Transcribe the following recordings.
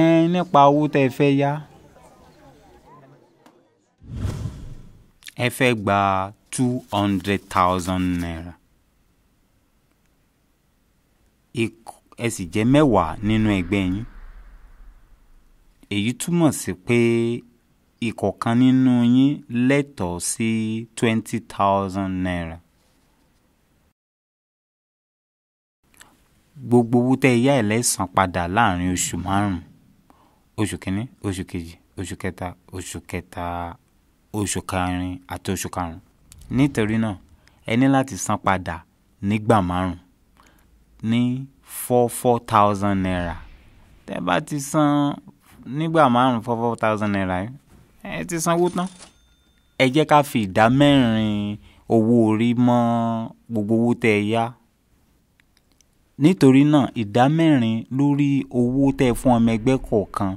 ẹn nípa owó tẹ́ ẹ fẹ́ yá ẹ fẹ́ gba two hundred thousand naira ẹ sì jẹ́ mẹ́wàá nínú ẹgbẹ́ yín èyí túmọ̀ sí pé ìkọ̀ọ̀kan nínú yín lẹ́tọ̀ọ́ sí twenty thousand naira. gbogbo owó tẹ́ ẹ yá ẹ̀ lẹ́sàn padà láàrin oṣù márùn-ún oṣù kínní oṣù kejì oṣù kẹta oṣù kẹta oṣù kẹrin àti oṣù karùn-ún nítorí náà ẹ ní láti san padà nígbà márùn ní four four thousand naira tẹ́ bá ti san nígbà márùn four four thousand naira yìí ẹ ti sanwó tán ẹ jẹ́ ká fi ìdá mẹ́rin owó orí mọ́ gbogbo owó tẹ́ ẹ yá nítorí náà ìdá mẹ́rin lórí owó tẹ́ fún ọmọ ẹgbẹ́ kọ̀ọ̀kan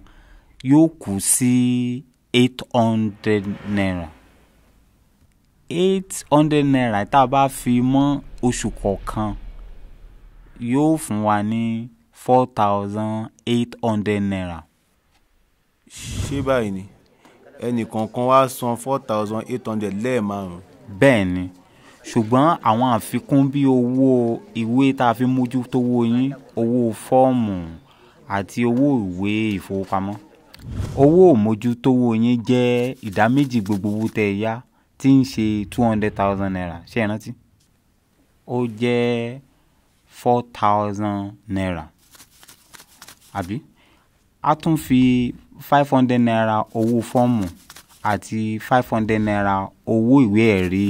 yóò kù sí eight hundred naira eight hundred naira tá a bá fi mọ́ oṣù kọ̀ọ̀kan yóò fún wa ní four thousand eight hundred naira. ṣé báyìí ni ẹnìkọ̀ọ̀kan wá san four thousand eight hundred lẹ́ẹ̀márùn-ún. bẹ́ẹ̀ ni ṣùgbọ́n àwọn àfikún bí owó ìwé tá a fi mójútó owó yín owó fọ́ọ̀mù àti owó ìwé ìfowópamọ́ owó òmójútówó yín jẹ́ ìdá méjì gbogbo owó tẹ́ ẹ yá tí ń ṣe two hundred thousand naira ṣé é rántí ó jẹ́ four thousand naira àbí a tún fi five hundred naira owó fọ́ọ̀mù àti five hundred naira owó ìwé ẹ̀rí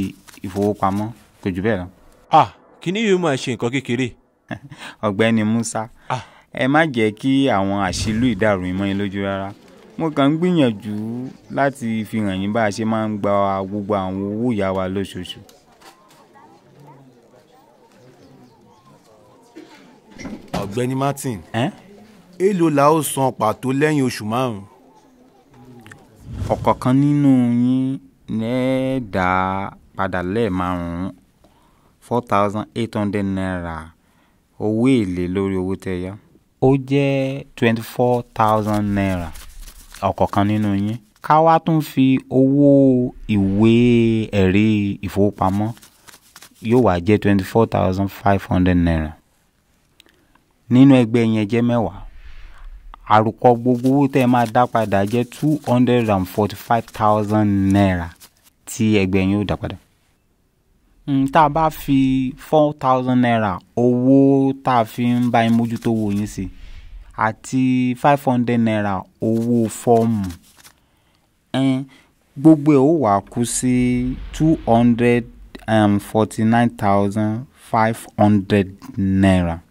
ìfowópamọ́ kò jù bẹ́ẹ̀ lọ. ah kíní yìí máa ṣe nǹkan kékeré. ọ̀gbẹ́ni Musa. ah ẹ má jẹ́ kí àwọn àṣìlú ìdàrú yín mọ́ yín lójú rárá mo kàn ń gbìyànjú láti fi hàn yín bá a ṣe máa ń gba gbogbo àwọn owó ìyá wa lóṣooṣù. ọ̀gbẹ́ni Martin èèlò la ó san pàtó lẹ́yìn oṣù márùn-ún. ọ̀kọ̀ọ̀kan nínú yín lẹ́ẹ̀dá padà lẹ́ẹ̀márùn-ún four thousand eight hundred naira owó èlé lórí owó tẹ́ yá ó jẹ́ twenty four thousand naira ọ̀kọ̀ọ̀kan nínú yín ká wá tún fi owó ìwé ẹ̀rí ìfowópamọ́ yóò wá jẹ́ twenty four thousand five hundred naira nínú ẹgbẹ́ yẹn jẹ́ mẹ́wàá àròkọ gbogbo owó tẹ́ ẹ máa dá padà jẹ́ two hundred and forty five thousand naira tí ẹgbẹ́ yín ó dá padà. Hmm, tá a bá fi four thousand naira owó tá a fi ń bá yín mójútó yín sí àti five hundred naira owó fọ́ọ̀mù gbogbo ẹ̀ ó wá kú sí two hundred and forty nine thousand five hundred naira